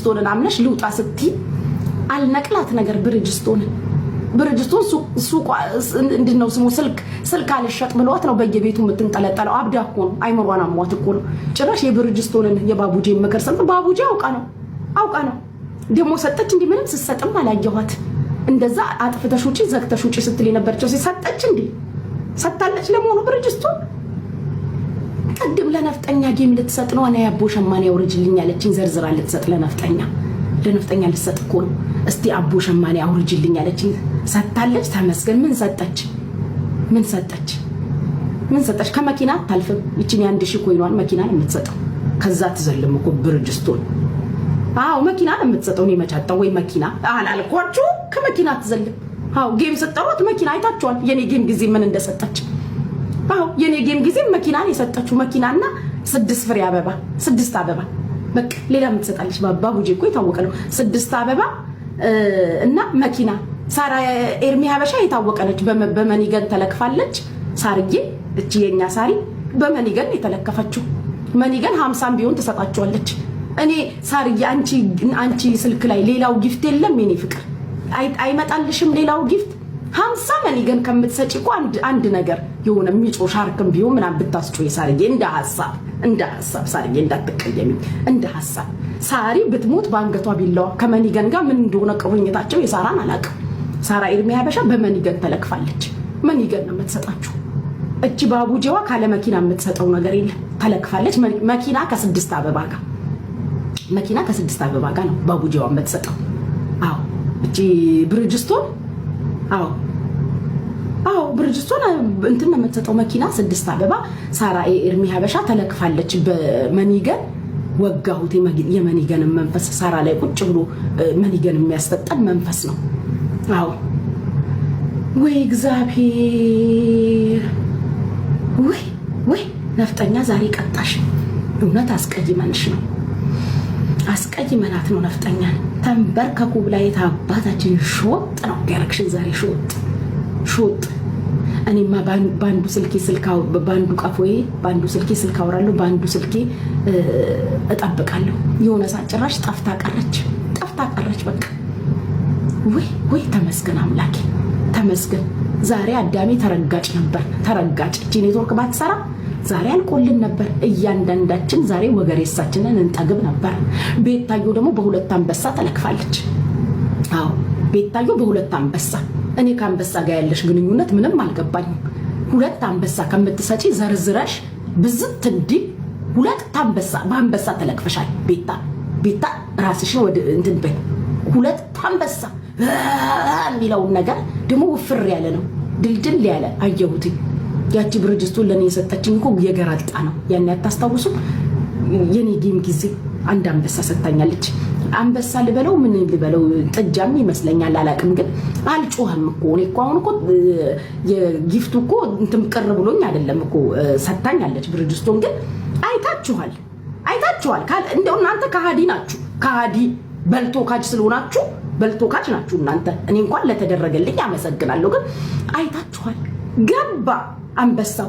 ብርጅስቶንን አምነሽ ልውጣ ስቲ አልነቅላት ነገር ብርጅስቶንን ብርጅስቶን ሱቅ እንድን ነው ስሙ ስልክ ስልክ አልሸጥ ብለዋት ነው በየቤቱ የምትንጠለጠለው። አብዳ እኮ ነው፣ አይምሯን አሟት እኮ ነው። ጭራሽ የብርጅስቶንን የባቡጄ ምክር ሰምቶ ባቡጄ አውቃ ነው አውቃ ነው ደግሞ ሰጠች። እንዲህ ምንም ስትሰጥም አላየኋት። እንደዛ አጥፍተሽ ውጪ ዘግተሽ ውጪ ስትል የነበረችው ሲሰጠች እንዲህ ሰጥታለች ለመሆኑ ብርጅስቶን ቅድም ለነፍጠኛ ጌም ልትሰጥ ነው። እኔ አቦ ሸማኔ አውርጅልኝ ያለችኝ ዘርዝራ ልትሰጥ ለነፍጠኛ ለነፍጠኛ ልትሰጥ እኮ ነው። እስቲ አቦ ሸማኔ አውርጅልኝ ያለችኝ ሰጥታለች። ተመስገን። ምን ሰጠች? ምን ሰጠች? ምን ሰጠች? ከመኪና አታልፍም። ይችን የአንድ ሺህ ኮይኗን መኪና ነው የምትሰጠው። ከዛ ትዘልም እኮ ብርጅስቶን። አዎ መኪና ነው የምትሰጠው። እኔ መጫጣው ወይ መኪና አላልኳችሁ? ከመኪና ትዘልም። አዎ ጌም ስጠሯት መኪና አይታችኋል። የእኔ ጌም ጊዜ ምን እንደሰጠች የኔ ጌም ጊዜ መኪናን የሰጠችው መኪናና ስድስት ፍሬ አበባ ስድስት አበባ በቃ ሌላ የምትሰጣለች ባቡጄ እኮ የታወቀ ነው። ስድስት አበባ እና መኪና ሳራ ኤርሚ ሀበሻ የታወቀ ነች። በመኒገን ተለክፋለች። ሳርዬ እች የኛ ሳሪ በመኒገን የተለከፈችው መኒገን ሀምሳም ቢሆን ትሰጣቸዋለች። እኔ ሳርዬ አንቺ ስልክ ላይ ሌላው ጊፍት የለም የኔ ፍቅር አይመጣልሽም ሌላው ጊፍት ሀምሳ መኒገን ከምትሰጪ እኮ አንድ ነገር የሆነ የሚጮ ሻርክም ቢሆን ምናም ብታስጮ ሳርጌ እንደ ሀሳብ እንደ ሀሳብ ሳርጌ እንዳትቀየሚ፣ እንደ ሀሳብ ሳሪ ብትሞት በአንገቷ ቢላዋ ከመኒገን ጋር ምን እንደሆነ ቅሩኝታቸው የሳራን አላቅም። ሳራ ኤርሚ ሀበሻ በመኒገን ተለክፋለች። መኒገን ነው የምትሰጣችሁ። እች በአቡጀዋ ካለ መኪና የምትሰጠው ነገር የለም ተለክፋለች። መኪና ከስድስት አበባ ጋር መኪና ከስድስት አበባ ጋር ነው ባቡጀዋ የምትሰጠው። አዎ እቺ ብርጅስቶን አዎ አዎ ብርጅስቶን እንትን የምትሰጠው መኪና ስድስት አበባ ሳራ ኤርሚ ሀበሻ ተለክፋለች። በመኒገን ወጋሁት። የመኒገንን መንፈስ ሳራ ላይ ቁጭ ብሎ መኒገን የሚያስፈጠን መንፈስ ነው። አዎ ወይ እግዚአብሔር ወይ ወይ ነፍጠኛ ዛሬ ቀጣሽ እውነት አስቀይመንሽ ነው። አስቀይመናት ነው ነፍጠኛን። ተንበርከኩ ብላ የት አባታችን ሾጥ ነው ዳይሬክሽን ዛሬ ሾጥ ሾጥ። እኔማ በአንዱ ስልኬ በአንዱ ቀፎዬ በአንዱ ስልኬ ስልክ አወራለሁ፣ በአንዱ ስልኬ እጠብቃለሁ። የሆነ ሳ ጭራሽ ጠፍታ ቀረች፣ ጠፍታ ቀረች። በቃ ወይ ወይ፣ ተመስገን አምላኬ፣ ተመስገን። ዛሬ አዳሜ ተረጋጭ ነበር፣ ተረጋጭ። እቺ ኔትወርክ ባትሰራ ዛሬ አልቆልን ነበር። እያንዳንዳችን ዛሬ ወገሬሳችንን እንጠግብ ነበር። ቤታዮ ደግሞ በሁለት አንበሳ ተለክፋለች። አዎ ቤታዮ በሁለት አንበሳ። እኔ ከአንበሳ ጋር ያለሽ ግንኙነት ምንም አልገባኝም። ሁለት አንበሳ ከምትሰጪ ዘርዝረሽ ብዝት እንዲህ ሁለት አንበሳ በአንበሳ ተለቅፈሻል። ቤታ ቤታ ራስሽን ወደ እንትን በይ። ሁለት አንበሳ የሚለውን ነገር ደግሞ ውፍር ያለ ነው፣ ድልድል ያለ አየሁትኝ። ያቺ ብርጅስቱን ለእኔ የሰጠችኝ እኮ የገራልጣ ነው። ያን ያታስታውሱ። የኔ ጌም ጊዜ አንድ አንበሳ ሰጥታኛለች። አንበሳ ልበለው ምን ልበለው ጥጃም ይመስለኛል አላቅም። ግን አልጮህም እኮ እኔ እኮ አሁን እኮ የጊፍቱ እኮ እንትም ቅር ብሎኝ አይደለም እኮ ሰጥታኛለች። ብርጅስቶን ግን አይታችኋል፣ አይታችኋል። እንደው እናንተ ከሃዲ ናችሁ፣ ከሃዲ በልቶ ካጅ ስለሆናችሁ በልቶ ካጅ ናችሁ እናንተ። እኔ እንኳን ለተደረገልኝ አመሰግናለሁ፣ ግን አይታችኋል ገባ አንበሳው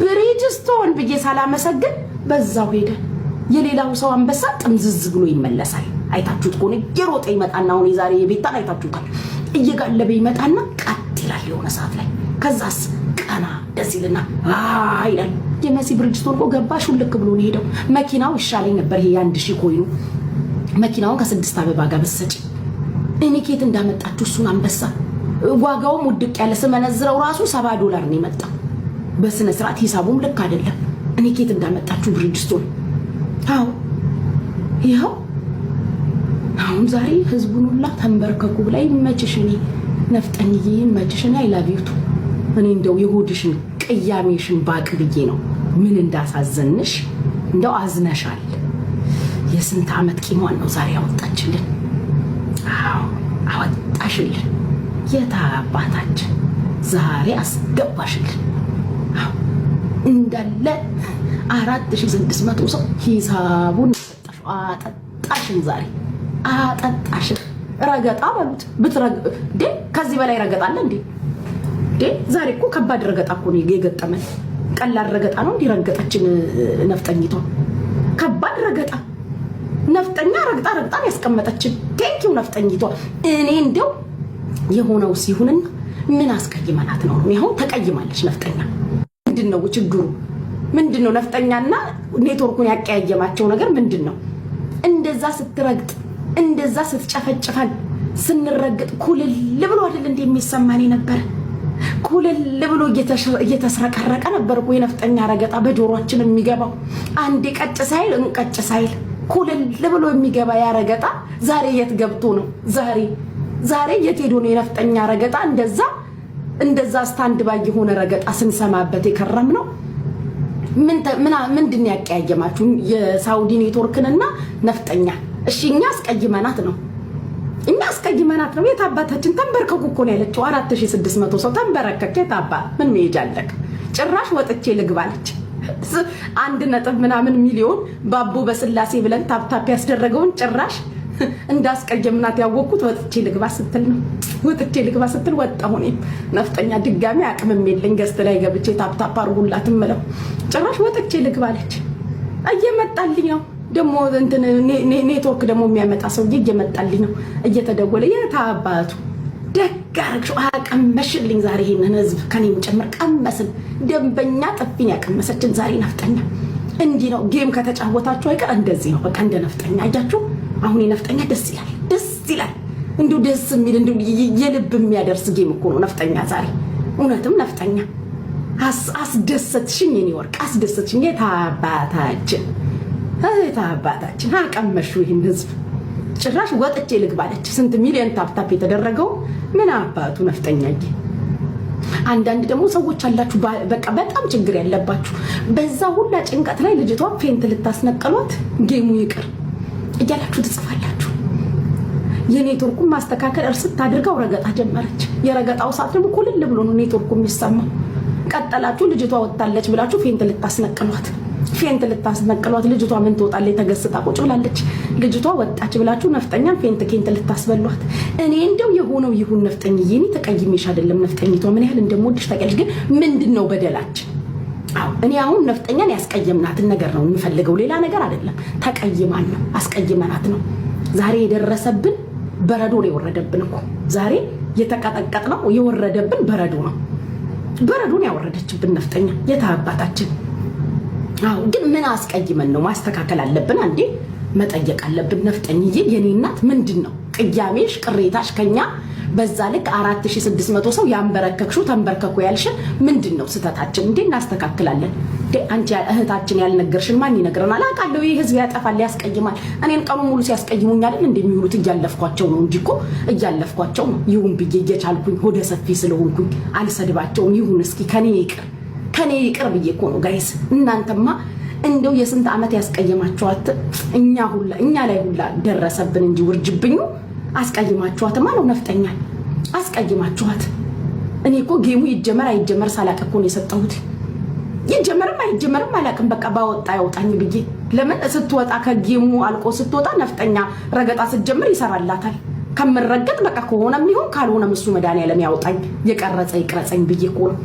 ብሪጅስቶን ብዬ ሳላመሰግን በዛው ሄደ። የሌላው ሰው አንበሳ ጥምዝዝ ብሎ ይመለሳል። አይታችሁት ከሆነ እየሮጠ ይመጣና አሁን የዛሬ የቤታን አይታችሁታል። እየጋለበ ይመጣና ቀጥ ይላል የሆነ ሰዓት ላይ። ከዛስ ቀና ደስ ይልና ይላል። የመሲ ብሪጅስቶን እኮ ገባ ሹልክ ብሎ ነው ሄደው። መኪናው ይሻለኝ ነበር ይሄ አንድ ሺህ ኮይኑ መኪናውን ከስድስት አበባ ጋር በሰጭ እኔ ኬት እንዳመጣችሁ እሱን አንበሳ ዋጋውም ውድቅ ያለ ስመነዝረው ራሱ ሰባ ዶላር ነው የመጣው። በስነ ስርዓት ሂሳቡም ልክ አይደለም። እኔ ኬት እንዳመጣችሁ ብሪጅስቶን አዎ፣ ይኸው አሁን ዛሬ ህዝቡን ሁላ ተንበርከኩ ብላ ይመችሽ፣ እኔ ነፍጠንዬ ይመችሽ፣ እኔ አይላቪቱ እኔ እንደው የሆድሽን ቅያሜሽን ባቅ ብዬ ነው ምን እንዳሳዘንሽ እንደው አዝነሻል። የስንት ዓመት ቂሟን ነው ዛሬ አወጣችልን። አዎ አወጣሽልን። የታ አባታችን ዛሬ አስገባሽልን። እንዳለ አራት ሺ ስድስት መቶ ሰው ሂሳቡን ሰጠሽው። አጠጣሽን፣ ዛሬ አጠጣሽን። ረገጣ በሉት ብትረግ፣ ከዚህ በላይ ረገጣ አለ እንዴ? ዛሬ እኮ ከባድ ረገጣ እኮ ነው የገጠመን። ቀላል ረገጣ ነው እንዲህ ረገጣችን ነፍጠኝቷ። ከባድ ረገጣ ነፍጠኛ ረግጣ ረግጣን ያስቀመጠችን። ቴንኪው ነፍጠኝቷ። እኔ እንደው የሆነው ሲሆንና ምን አስቀይመናት ነው? አሁን ተቀይማለች ነፍጠኛ ምንድን ነው ችግሩ? ምንድን ነው ነፍጠኛና ኔትወርኩን ያቀያየማቸው ነገር ምንድን ነው? እንደዛ ስትረግጥ እንደዛ ስትጨፈጭፈን ስንረግጥ ኩልል ብሎ አይደል እንደ የሚሰማን ነበረ። ኩልል ብሎ እየተስረቀረቀ ነበር እኮ የነፍጠኛ ረገጣ በጆሯችን የሚገባው። አንዴ ቀጭ ሳይል እንቀጭ ሳይል ኩልል ብሎ የሚገባ ያ ዛሬ የት ገብቶ ነው? ዛሬ ዛሬ የት ሄዶ ነው የነፍጠኛ ረገጣ እንደዛ እንደዛ ስታንድ ባይ የሆነ ረገጣ ስንሰማበት የከረም ነው። ምንድን ያቀያየማችሁ የሳውዲ ኔትወርክንና ነፍጠኛ? እሺ እኛ አስቀይመናት ነው እኛ አስቀይመናት ነው። የታባታችን ተንበርከኩ እኮ ነው ያለችው። 4600 ሰው ተንበረከከ። የታባ ምን መሄጃ አለቅ ጭራሽ ወጥቼ ልግባለች። አንድ ነጥብ ምናምን ሚሊዮን ባቦ በስላሴ ብለን ታፕታፕ ያስደረገውን ጭራሽ እንዳስቀየምናት ያወቅኩት ወጥቼ ልግባ ስትል ነው። ወጥቼ ልግባ ስትል ወጣሁ። እኔም ነፍጠኛ ድጋሚ አቅምም የለኝ ገዝት ላይ ገብቼ ታፕታፕ አርጉላት ምለው ጭራሽ ወጥቼ ልግባ አለች። እየመጣልኝ ነው ደግሞ ኔትወርክ ደግሞ የሚያመጣ ሰውዬ እየመጣልኝ ነው እየተደወለ የታባቱ ደግ አደረግሽው አቀመሽልኝ። ዛሬ ይሄንን ህዝብ ከኔም ጭምር ቀመስን። ደንበኛ ጥፊን ያቀመሰችን ዛሬ ነፍጠኛ እንዲህ ነው ጌም ከተጫወታችሁ አይቀር እንደዚህ ነው በቃ እንደ ነፍጠኛ አያችሁ። አሁን የነፍጠኛ ደስ ይላል፣ ደስ ይላል። እንዲሁ ደስ የሚል እንዲሁ የልብ የሚያደርስ ጌም እኮ ነው ነፍጠኛ። ዛሬ እውነትም ነፍጠኛ አስደሰትሽኝ፣ የኔ ወርቅ አስደሰትሽኝ። የታባታችን የታባታችን አቀመሹ ይህን ህዝብ ጭራሽ ወጥቼ ልግባለች። ስንት ሚሊዮን ታፕታፕ የተደረገው ምን አባቱ ነፍጠኛ አንዳንድ ደግሞ ሰዎች አላችሁ በቃ በጣም ችግር ያለባችሁ በዛ ሁላ ጭንቀት ላይ ልጅቷ ፌንት ልታስነቀሏት ጌሙ ይቅር እያላችሁ ትጽፋላችሁ። የኔትወርኩን ማስተካከል እርስት አድርገው ረገጣ ጀመረች። የረገጣው ሰዓት ደግሞ ኮልል ብሎ ነው ኔትወርኩ የሚሰማ። ቀጠላችሁ ልጅቷ ወጥታለች ብላችሁ ፌንት ልታስነቅሏት ፌንት ልታስነቅሏት ልጅቷ ምን ትወጣለች? ተገስጣ ቁጭ ብላለች። ልጅቷ ወጣች ብላችሁ ነፍጠኛን ፌንት ኬንት ልታስበሏት። እኔ እንደው የሆነው ይሁን ነፍጠኝ፣ ይህ ተቀይሜሽ አይደለም ነፍጠኝቷ ምን ያህል እንደምወድሽ ታውቂያለሽ። ግን ምንድን ነው በደላች? አዎ እኔ አሁን ነፍጠኛን ያስቀየምናትን ነገር ነው የምፈልገው፣ ሌላ ነገር አይደለም። ተቀይማን ነው አስቀይመናት ነው ዛሬ የደረሰብን በረዶ ነው የወረደብን እኮ ዛሬ የተቀጠቀጥ ነው የወረደብን በረዶ ነው። በረዶን ያወረደችብን ነፍጠኛ የታባታችን ግን ምን አስቀይመን ነው? ማስተካከል አለብን። አንዴ መጠየቅ አለብን። ነፍጠኝዬ የኔ እናት ምንድን ነው ቅያሜሽ፣ ቅሬታሽ ከኛ በዛ ልክ 4600 ሰው ያንበረከክሹ ተንበርከኩ ያልሽን ምንድን ነው ስህተታችን? እንዴ እናስተካክላለን። አንቺ እህታችን ያልነገርሽን ማን ይነግረናል? አውቃለሁ ይህ ህዝብ ያጠፋል፣ ያስቀይማል። እኔን ቀኑ ሙሉ ሲያስቀይሙኛልን እንደሚውሉት እያለፍኳቸው ነው እንጂ እኮ እያለፍኳቸው ነው። ይሁን ብዬ እየቻልኩኝ ሆደ ሰፊ ስለሆንኩኝ አልሰድባቸውም። ይሁን እስኪ ከኔ ይቅር ከኔ ይቅር ብዬ እኮ ነው ጋይስ። እናንተማ እንደው የስንት ዓመት ያስቀየማችኋት እኛ ሁላ እኛ ላይ ሁላ ደረሰብን እንጂ ውርጅብኙ አስቀይማችኋትማ ነው ነፍጠኛል። አስቀይማችኋት። እኔ እኮ ጌሙ ይጀመር አይጀመር ሳላቅ እኮ ነው የሰጠሁት። ይጀመርም አይጀመርም አላቅም። በቃ ባወጣ ያውጣኝ ብዬ ለምን ስትወጣ ከጌሙ አልቆ ስትወጣ ነፍጠኛ ረገጣ ስትጀምር ይሰራላታል። ከምረገጥ በቃ ከሆነም ሊሆን ካልሆነም እሱ መድኃኒዓለም ያውጣኝ የቀረጸ ይቅረጸኝ ብዬ እኮ ነው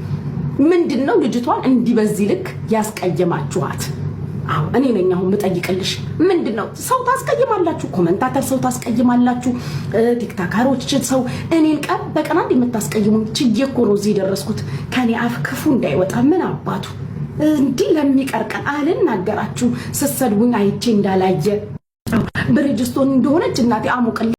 ምንድን ነው ልጅቷን እንዲህ በዚህ ልክ ያስቀየማችኋት? አዎ እኔ ነኝ አሁን የምጠይቅልሽ። ምንድን ነው ሰው ታስቀይማላችሁ፣ ኮመንታተር ሰው ታስቀይማላችሁ፣ ቲክታካሮች ሰው። እኔን ቀን በቀን አንድ የምታስቀይሙ ችዬ እኮ ነው እዚህ የደረስኩት። ከኔ አፍ ክፉ እንዳይወጣ ምን አባቱ እንዲህ ለሚቀርቀን አልናገራችሁ። ስትሰድቡኝ አይቼ እንዳላየ ብሪጅስቶን እንደሆነች እናቴ አሞቀል